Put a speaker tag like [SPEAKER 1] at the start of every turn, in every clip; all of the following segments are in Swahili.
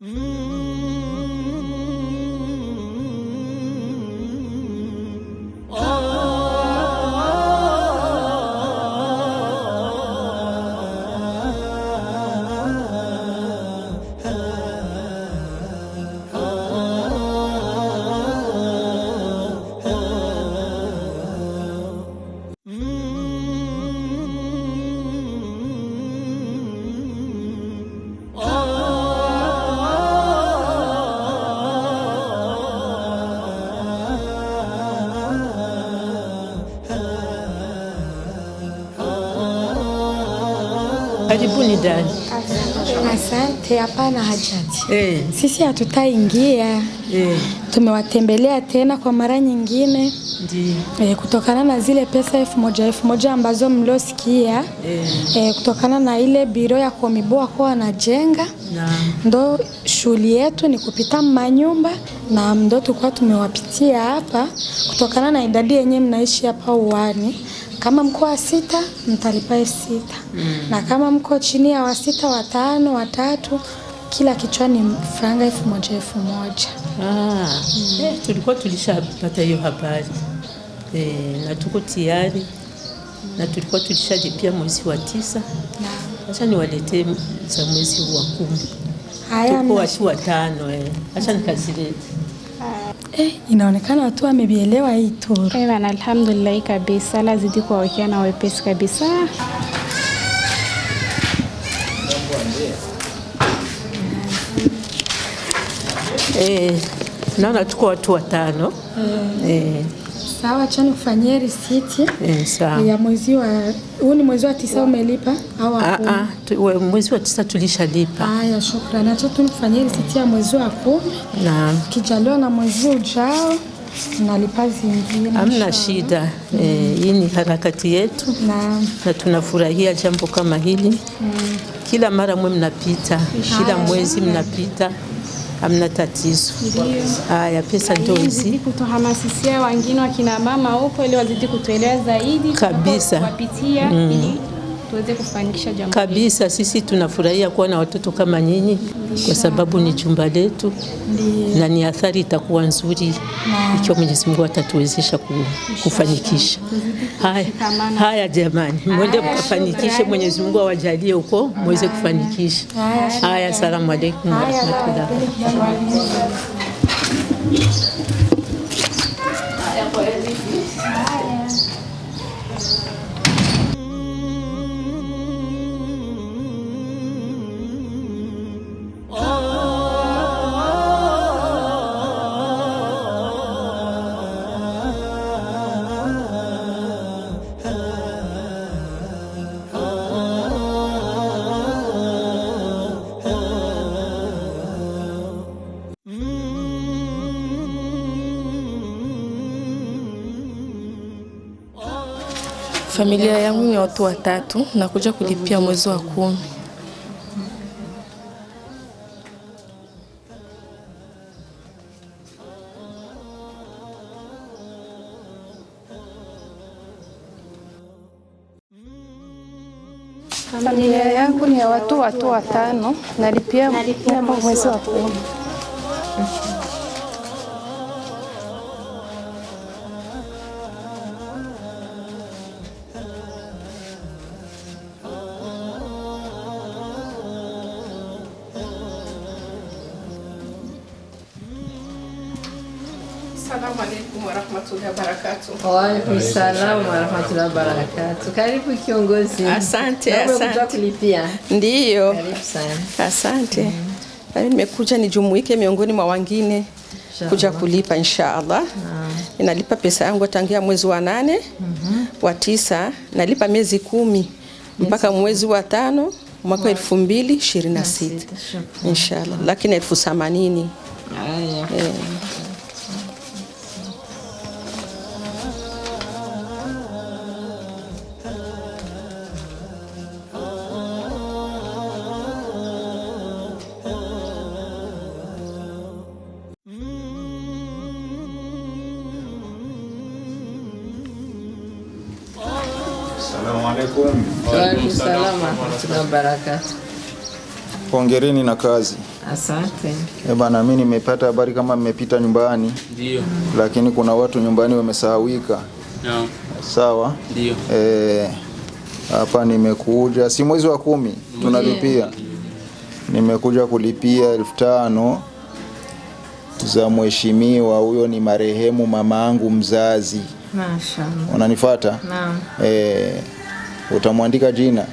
[SPEAKER 1] Mm-hmm. Karibuni ndani.
[SPEAKER 2] Asante. Hapana Hajati eh, sisi hatutaingia eh. Tumewatembelea tena kwa mara nyingine eh, kutokana na zile pesa elfu moja elfu moja ambazo mliosikia eh. Eh, kutokana na ile biro ya komiboa kwa wanajenga Ndo shughuli yetu ni kupita manyumba na ndo tulikuwa tumewapitia hapa kutokana na idadi yenyewe mnaishi hapa uwani kama mko wa sita mtalipa elfu sita mm. na kama mko chini ya wasita, watano, watatu, kila kichwa ni franga elfu moja elfu moja.
[SPEAKER 1] Ah, mm. Eh, tulikuwa tulishapata hiyo habari eh, na tuko tayari na tulikuwa tulishalipia mwezi wa tisa. Acha niwaletee za mwezi wa kumi, tuko watu watano eh. Acha nikazilete
[SPEAKER 2] Eh, inaonekana watu wamevielewa hii tour. Eh, alhamdulillah kabisa, lazidi kuwawekea na wepesi kabisa.
[SPEAKER 1] Eh, naona tuko watu watano.
[SPEAKER 2] Eh. Eh sawa chani kufanyia eh, risiti ya mwezi wa huu, ni mwezi wa tisa umelipa au
[SPEAKER 1] hapana? Ah, ah, mwezi wa tisa tulishalipa.
[SPEAKER 2] Haya, shukrani. Acha tu nikufanyia risiti ya mwezi wa kumi, na kijaliwa na mwezi ujao nalipa zingine.
[SPEAKER 1] Hamna shida, eh, mm. hii ni harakati yetu na, na tunafurahia jambo kama hili mm. Kila mara mwe mnapita, kila mwezi mnapita hamna tatizo. Haya, pesa ndio hizi,
[SPEAKER 2] kutohamasishia wengine wakina mama huko, ili wazidi kutuelewa zaidi
[SPEAKER 1] kabisa
[SPEAKER 2] kupitia mm tuweze kufanikisha jambo
[SPEAKER 1] kabisa. Sisi tunafurahia kuwa na watoto kama nyinyi, kwa sababu ni jumba letu na ni athari itakuwa nzuri ikiwa Mwenyezi Mungu atatuwezesha kufanikisha haya. Haya jamani, mwende mkafanikishe. Mwenyezi Mungu awajalie huko muweze kufanikisha haya. Asalamu alaykum warahmatullahi
[SPEAKER 2] Familia yangu ni watu watatu, nakuja kulipia mwezi wa kumi. Familia yangu ni ya watu watu watano, nalipia mwezi wa kumi.
[SPEAKER 3] Assalamu
[SPEAKER 1] Karibu kiongozi.
[SPEAKER 2] Asante,
[SPEAKER 1] asante. Kulipia. Ndiyo. Karibu sana. Asante. Mm. nimekuja nijumuike miongoni mwa wangine kuja kulipa inshaallah. inalipa pesa yangu tangia mwezi wa nane, mm -hmm. wa tisa, nalipa miezi kumi mpaka mwezi wa tano mwaka elfu mbili ishirini na sita inshaallah, lakini elfu themanini
[SPEAKER 4] Pongereni na kazi. Asante. Eh, bana mimi nimepata habari kama mmepita nyumbani. Ndio. Lakini kuna watu nyumbani wamesahawika. No. Sawa. Ndio. Eh, hapa nimekuja si mwezi wa kumi tunalipia, nimekuja kulipia elfu tano za mheshimiwa huyo, ni marehemu mamaangu mzazi. Mashaallah. Unanifata? Naam. Eh, utamwandika jina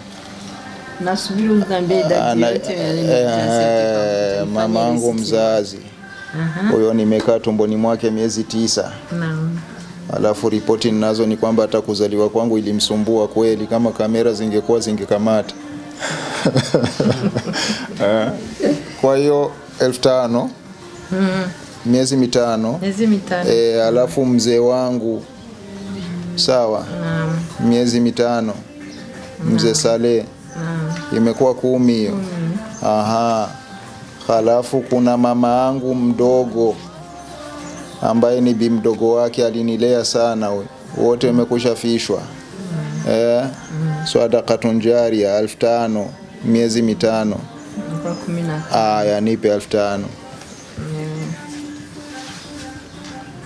[SPEAKER 1] ah, eh,
[SPEAKER 4] eh, mama yangu mzazi huyo nimekaa tumboni mwake miezi tisa Naam. Alafu ripoti ninazo ni kwamba hata kuzaliwa kwangu ilimsumbua kweli, kama kamera zingekuwa zingekamata. Eh, kwa hiyo elfu tano hmm. miezi mitano, miezi mitano. E, alafu mzee wangu sawa Naam. miezi mitano mzee Sale imekuwa kumi hiyo. Aha, halafu kuna mama yangu mdogo ambaye ni bi mdogo wake alinilea sana we. Wote wamekusha fishwa eh, sadaqatun jaria elfu tano miezi mitano. Aya, nipe elfu tano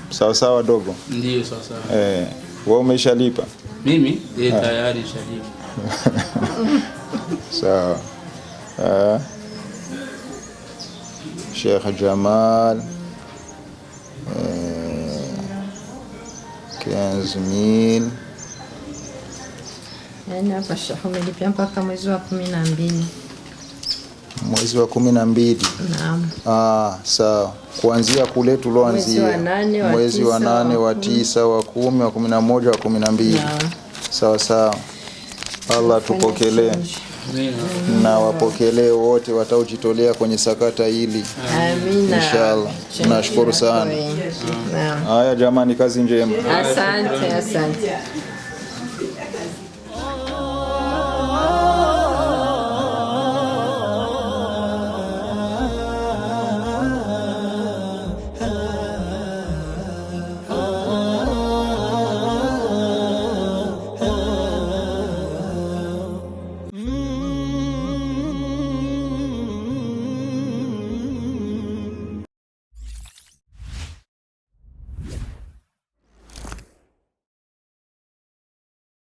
[SPEAKER 4] sawa sawa dogo.
[SPEAKER 5] Ndio sawa sawa.
[SPEAKER 4] Eh, wewe umeshalipa?
[SPEAKER 5] Mimi eh, tayari nishalipa. so
[SPEAKER 4] uh, Sheikh Jamal uh, 15000
[SPEAKER 2] yani hapa Sheikh umelipia mpaka mwezi wa kumi na mbili
[SPEAKER 4] mwezi wa kumi na mbili ah, sawa kuanzia kule tuloanzia
[SPEAKER 2] mwezi wa nane
[SPEAKER 4] wa tisa wa kumi wa kumi na moja wa kumi na mbili sawa sawa Allah tupokelee na wapokelee wote wataojitolea kwenye sakata hili Amina. Inshallah. Nashukuru sana. Haya jamani, kazi njema.
[SPEAKER 1] Asante, asante.